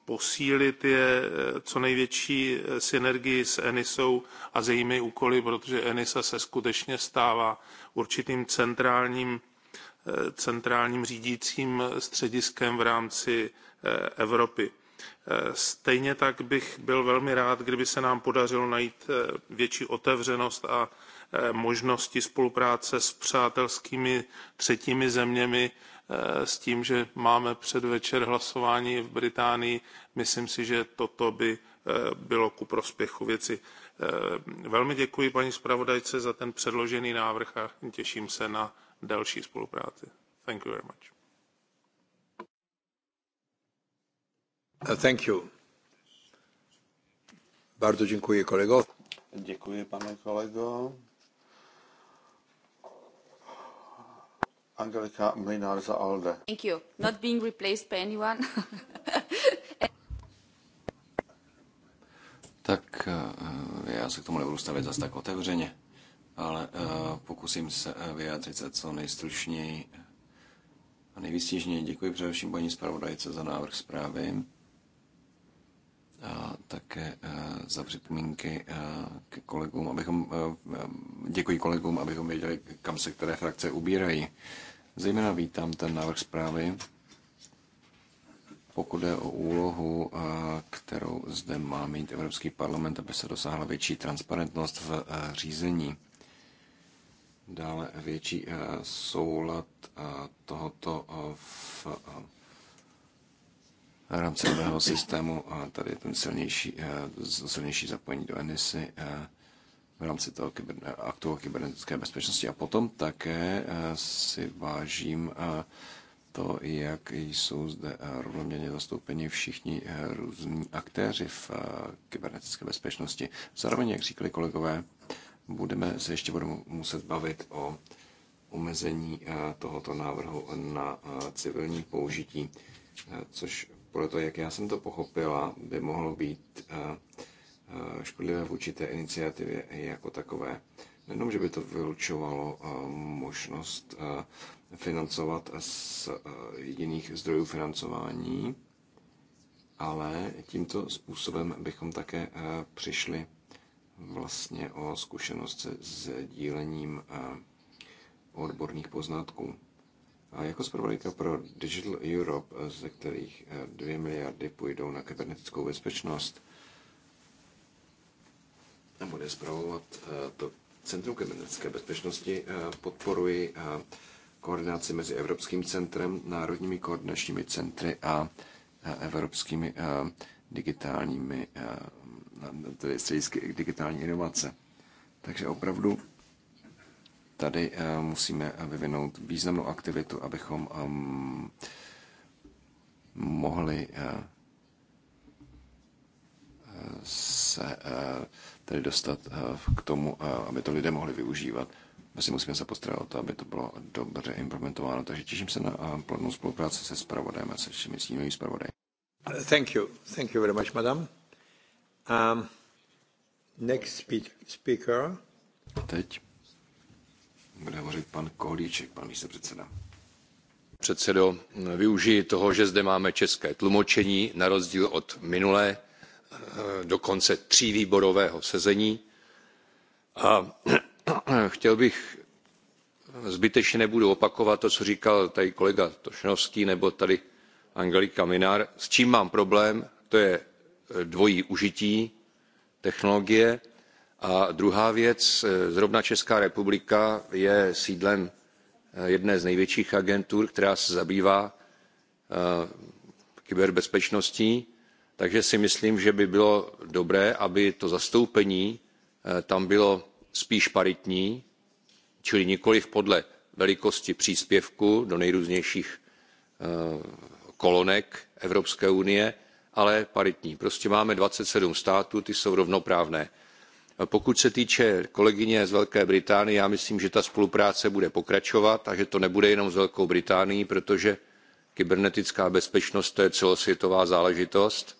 posílit je eh, co největší eh, synergii s Enisou a s jejími úkoly, protože Enisa se skutečně stává určitým centrálním, eh, centrálním řídícím střediskem v rámci Evropy. Stejně tak bych byl velmi rád, kdyby se nám podařilo najít větší otevřenost a možnosti spolupráce s přátelskými třetími zeměmi, Eh, s tím, že máme předvečer hlasování v Británii, myslím si, že toto by eh, bylo ku prospěchu věci. Eh, velmi děkuji paní zpravodajce za ten předložený návrh a těším se na další spolupráci. Thank you very much. Thank you. Bardzo dziękuję kolego. Děkuji, pane kolego. Angelika Mlinar za ALDE. Thank you. Not being replaced by anyone. tak eh, já se k tomu nebudu stavit zase tak otevřeně, ale eh, pokusím se eh, vyjádřit se co nejstručněji a nejvystěžněji. Děkuji především paní zpravodajce za návrh zprávy také eh, za připomínky eh, k kolegům, abychom, eh, děkuji kolegům, abychom věděli, kam se které frakce ubírají. Zejména vítám ten návrh zprávy, pokud jde o úlohu, kterou zde má mít Evropský parlament, aby se dosáhla větší transparentnost v řízení. Dále větší soulad tohoto v rámcového systému a tady je ten silnější, eh, silnější zapojení do ENISy eh, v rámci toho aktu o kybernetické bezpečnosti. A potom také eh, si vážím to, jak jsou zde rovnoměrně zastoupeni všichni různí aktéři v kybernetické bezpečnosti. Zároveň, jak říkali kolegové, budeme se ještě budeme muset bavit o omezení tohoto návrhu na civilní použití, což podle toho, jak já jsem to pochopila, by mohlo být eh, eh, škodlivé vůči té iniciativě jako takové. nenom, že by to vylučovalo eh, možnost financovat z jiných zdrojů financování, ale tímto způsobem bychom také přišli vlastně o zkušenost se sdílením odborných poznatků. A jako zpravodajka pro Digital Europe, ze kterých 2 eh, miliardy půjdou na kybernetickou bezpečnost, a bude zpravovat eh, to Centrum kybernetické bezpečnosti, eh, podporuji koordinaci mezi Evropským centrem, národními koordinačními centry a evropskými digitálními, tedy digitální inovace. Takže opravdu tady eh, musíme vyvinout významnou aktivitu, abychom ehm, mohli eh, se eh, tedy dostat k tomu, aby to lidé mohli využívat. My si musíme se postarat o to, aby to bylo dobře implementováno. Takže těším se na plnou spolupráci se zpravodajem a se všemi nimi zpravodaji. Thank you. Thank you very much, madam. Um, next speaker. teď bude hovořit pan Kolíček, pan místopředseda. Předsedo, využiji toho, že zde máme české tlumočení, na rozdíl od minulé, eh, dokonce tří výborového sezení. A chtěl bych, zbytečně nebudu opakovat to, co říkal tady kolega Tošnovský nebo tady Angelika Minár. S čím mám problém, to je eh, dvojí užití technologie – a druhá věc, eh, zrovna Česká republika je sídlem eh, jedné z největších agentur, která se zabývá eh, kyberbezpečností, takže si myslím, že by bylo dobré, aby to zastoupení tam bylo spíš paritní, čili nikoliv podle velikosti příspěvku do nejrůznějších kolonek Evropské unie, ale paritní. Prostě máme 27 států, ty jsou rovnoprávné. Pokud se týče kolegyně z Velké Británie, já myslím, že ta spolupráce bude pokračovat a že to nebude jenom s Velkou Británií, protože kybernetická bezpečnost to je celosvětová záležitost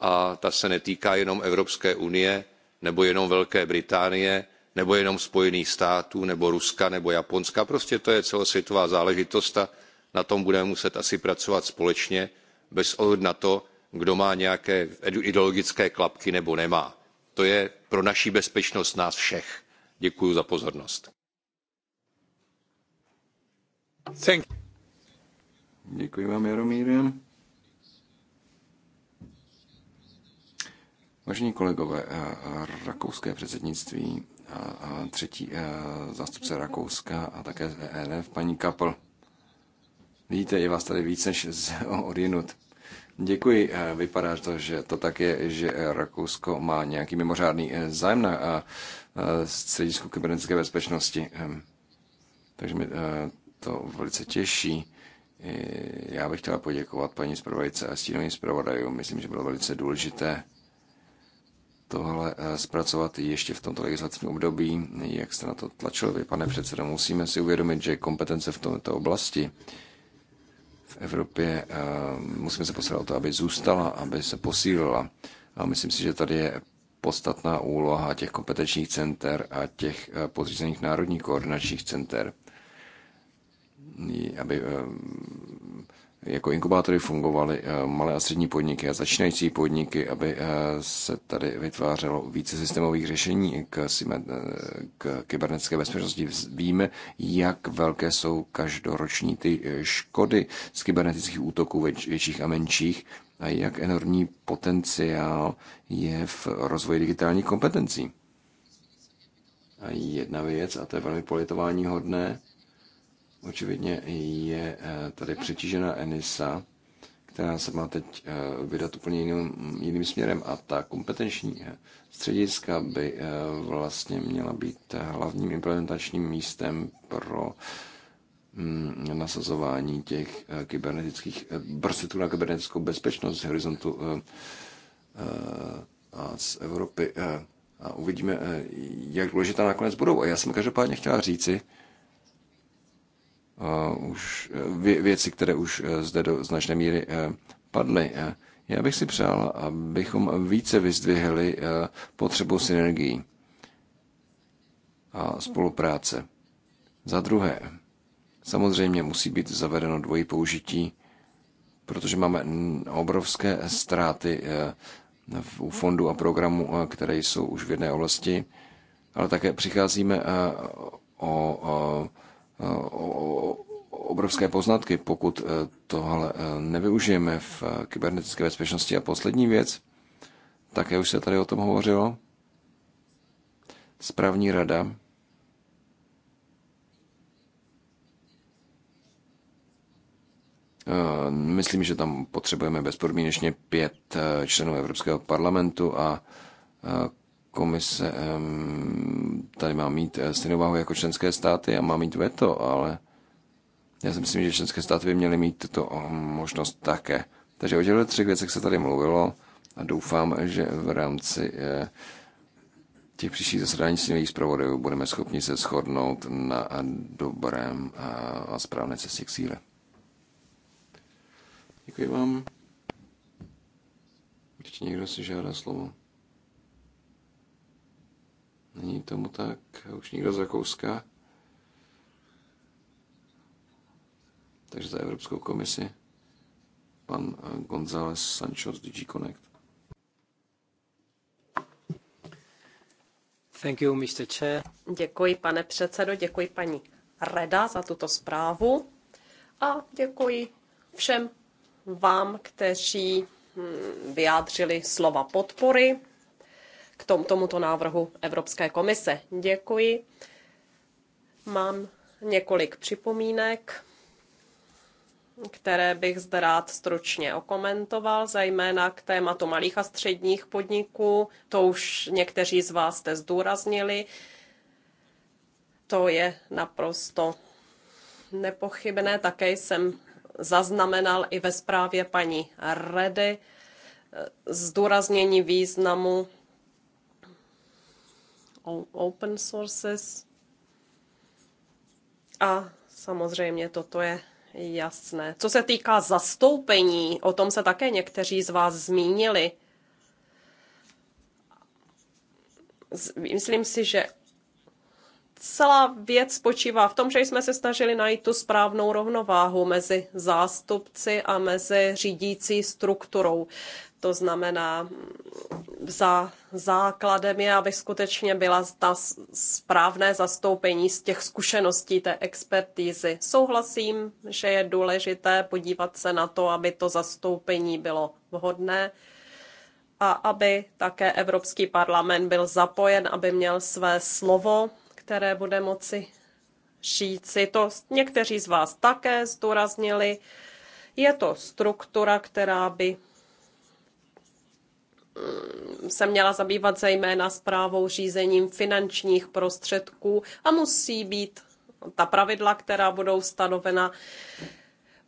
a ta se netýká jenom Evropské unie nebo jenom Velké Británie nebo jenom Spojených států nebo Ruska nebo Japonska. Prostě to je celosvětová záležitost a na tom budeme muset asi pracovat společně bez ohledu na to, kdo má nějaké ideologické klapky nebo nemá to je pro naši bezpečnost nás všech. Děkuji za pozornost. Thank Děkuji vám, Jaromíre. Vážení kolegové, eh, rakouské předsednictví třetí eh, zástupce Rakouska a také z ELF, paní Kapl. Vidíte, je vás tady víc než z odjinut. Děkuji. Eh, vypadá to, že to tak je, že eh, Rakousko má nějaký mimořádný eh, zájem na středisku kybernetické bezpečnosti. Ehm, takže mi to velice těší. Já bych chtěla poděkovat paní zpravodajce a stínovým zpravodajům. Myslím, že bylo velice důležité tohle zpracovat ještě v tomto legislativním období. Jak jste na to tlačil vy, pane předsedo, musíme si uvědomit, že kompetence v této oblasti v Evropě eh, musíme se postarat o to, aby zůstala, aby se posílila. A myslím si, že tady je podstatná úloha těch kompetenčních center a těch eh, podřízených národních koordinačních center, aby eh, jako inkubátory fungovaly eh, malé a střední podniky a začínající podniky, aby eh, se tady vytvářelo více systémových řešení k, eh, k kybernetické bezpečnosti. Víme, jak velké jsou každoroční ty škody z kybernetických útoků větších a menších a jak enormní potenciál je v rozvoji digitálních kompetencí. A jedna věc, a to je velmi politování hodné, Očividně je eh, tady přetížená Enisa, která se má teď eh, vydat úplně jiným, jiným směrem a ta kompetenční eh, střediska by vlastně měla být hlavním implementačním místem pro mm, nasazování těch kybernetických brstů na kybernetickou bezpečnost z horizontu a z Evropy. A uvidíme, jak důležitá nakonec budou. A já jsem každopádně chtěla říci, už věci, které už eh, zde do značné míry eh, padly. Eh, já bych si přál, abychom více vyzdvihli potřebu synergií a spolupráce. Za druhé, samozřejmě musí být zavedeno dvojí použití, protože máme obrovské ztráty u fondu a programu, které jsou už v jedné oblasti, ale také přicházíme o, o obrovské poznatky, pokud eh, tohle eh, nevyužijeme v eh, kybernetické bezpečnosti. A poslední věc, také už se tady o tom hovořilo, správní rada Myslím, že tam potřebujeme bezpodmínečně pět členů Evropského parlamentu a komise tady má mít eh, stejnou váhu jako členské státy a má mít veto, ale já si myslím, že členské státy by měly mít tuto eh, možnost také. Takže o těchto třech věcech se tady mluvilo a doufám, že v rámci eh, těch příštích zasedání sněmových zpravodajů budeme schopni se shodnout na dobrém a správné cestě k síle. Děkuji vám. Ještě někdo si žádá slovo? Není tomu tak. Už nikdo z Rakouska. Takže za Evropskou komisi pan eh, González Sancho z DG Connect. Thank you, Mr. Chair. Děkuji, pane předsedo, děkuji paní Reda za tuto zprávu a děkuji všem vám, kteří hm, vyjádřili slova podpory k tom, tomuto návrhu Evropské komise. Děkuji. Mám několik připomínek, které bych zde rád stručně okomentoval, zejména k tématu malých a středních podniků. To už někteří z vás jste zdůraznili. To je naprosto nepochybné. Také jsem zaznamenal i ve zprávě paní Redy eh, zdůraznění významu open sources. A samozřejmě toto je jasné. Co se týká zastoupení, o tom se také někteří z vás zmínili. Myslím si, že celá věc spočívá v tom, že jsme se snažili najít tu správnou rovnováhu mezi zástupci a mezi řídící strukturou. To znamená, za základem je, aby skutečně byla ta správné zastoupení z těch zkušeností té expertízy. Souhlasím, že je důležité podívat se na to, aby to zastoupení bylo vhodné a aby také Evropský parlament byl zapojen, aby měl své slovo, které bude moci říci. To někteří z vás také zdůraznili. Je to struktura, která by Eh, se měla zabývat zejména zprávou řízením finančních prostředků a musí být ta pravidla, která budou stanovena,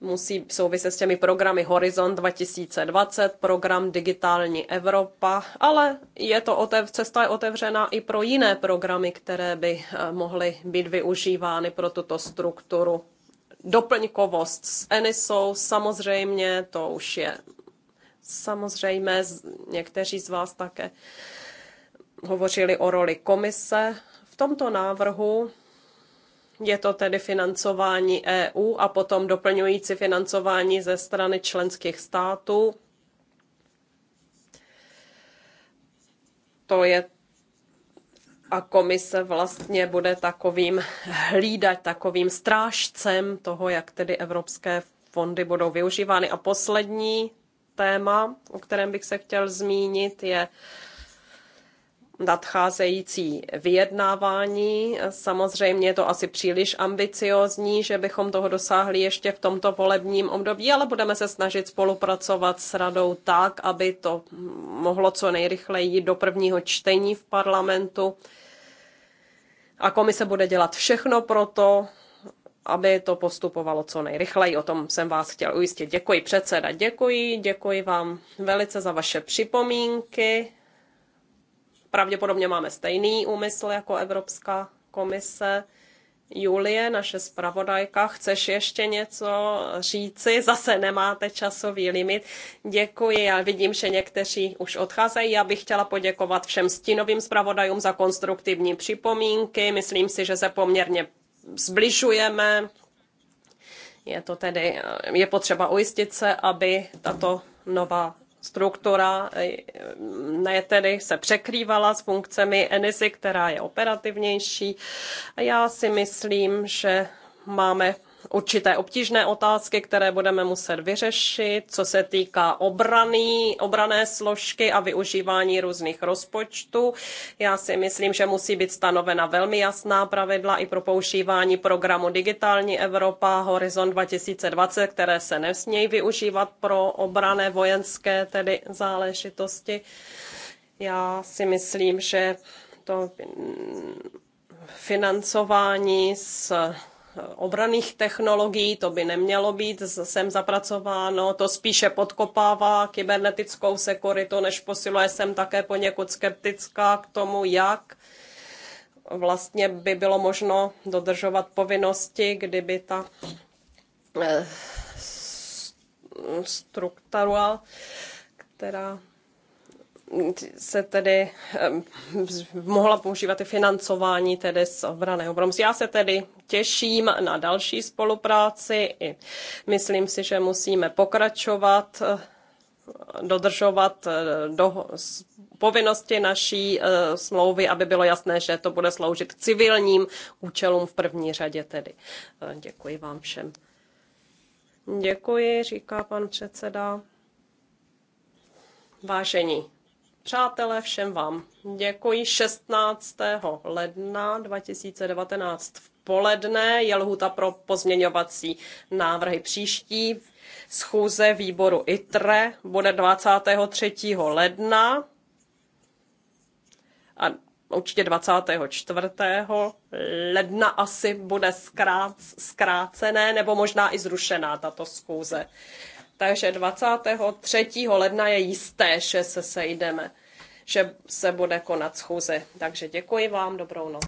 musí souviset s těmi programy Horizon 2020, program Digitální Evropa, ale je to otev, cesta je otevřená i pro jiné programy, které by eh, mohly být využívány pro tuto strukturu. Doplňkovost s Enisou, samozřejmě, to už je Samozřejmě někteří z vás také hovořili o roli komise. V tomto návrhu je to tedy financování EU a potom doplňující financování ze strany členských států. To je a komise vlastně bude takovým hlídat, takovým strážcem toho, jak tedy evropské fondy budou využívány. A poslední téma, o kterém bych se chtěl zmínit, je nadcházející vyjednávání. Samozřejmě je to asi příliš ambiciozní, že bychom toho dosáhli ještě v tomto volebním období, ale budeme se snažit spolupracovat s radou tak, aby to mohlo co nejrychleji jít do prvního čtení v parlamentu. A komise bude dělat všechno pro to, aby to postupovalo co nejrychleji. O tom jsem vás chtěl ujistit. Děkuji předseda, děkuji, děkuji vám velice za vaše připomínky. Pravděpodobně máme stejný úmysl jako Evropská komise. Julie, naše zpravodajka, chceš ještě něco říci? Zase nemáte časový limit. Děkuji, já vidím, že někteří už odcházejí. Já bych chtěla poděkovat všem stínovým zpravodajům za konstruktivní připomínky. Myslím si, že se poměrně zbližujeme. Je to tedy, je potřeba ujistit se, aby tato nová struktura eh, ne tedy se překrývala s funkcemi ENISY, která je operativnější. Já si myslím, že máme určité obtížné otázky, které budeme muset vyřešit, co se týká obrany, obrané složky a využívání různých rozpočtů. Já si myslím, že musí být stanovena velmi jasná pravidla i pro používání programu Digitální Evropa Horizon 2020, které se nesmějí využívat pro obrané vojenské tedy záležitosti. Já si myslím, že to financování z obraných technologií, to by nemělo být sem zapracováno, to spíše podkopává kybernetickou sekuritu, než posiluje jsem také poněkud skeptická k tomu, jak vlastně by bylo možno dodržovat povinnosti, kdyby ta eh, struktura, která se tedy mohla používat i financování tedy z obrany obromství. Já se tedy těším na další spolupráci i myslím si, že musíme pokračovat eh, dodržovat eh, do, povinnosti naší eh, smlouvy, aby bylo jasné, že to bude sloužit k civilním účelům v první řadě tedy. Děkuji vám všem. Děkuji, říká pan předseda. Vážení Přátelé, všem vám děkuji. 16. ledna 2019 v poledne je lhuta pro pozměňovací návrhy příští. Schůze výboru ITRE bude 23. ledna a určitě 24. ledna asi bude zkrác, zkrácené nebo možná i zrušená tato schůze. Takže 23. ledna je jisté, že se sejdeme, že se bude konat schůze. Takže děkuji vám, dobrou noc.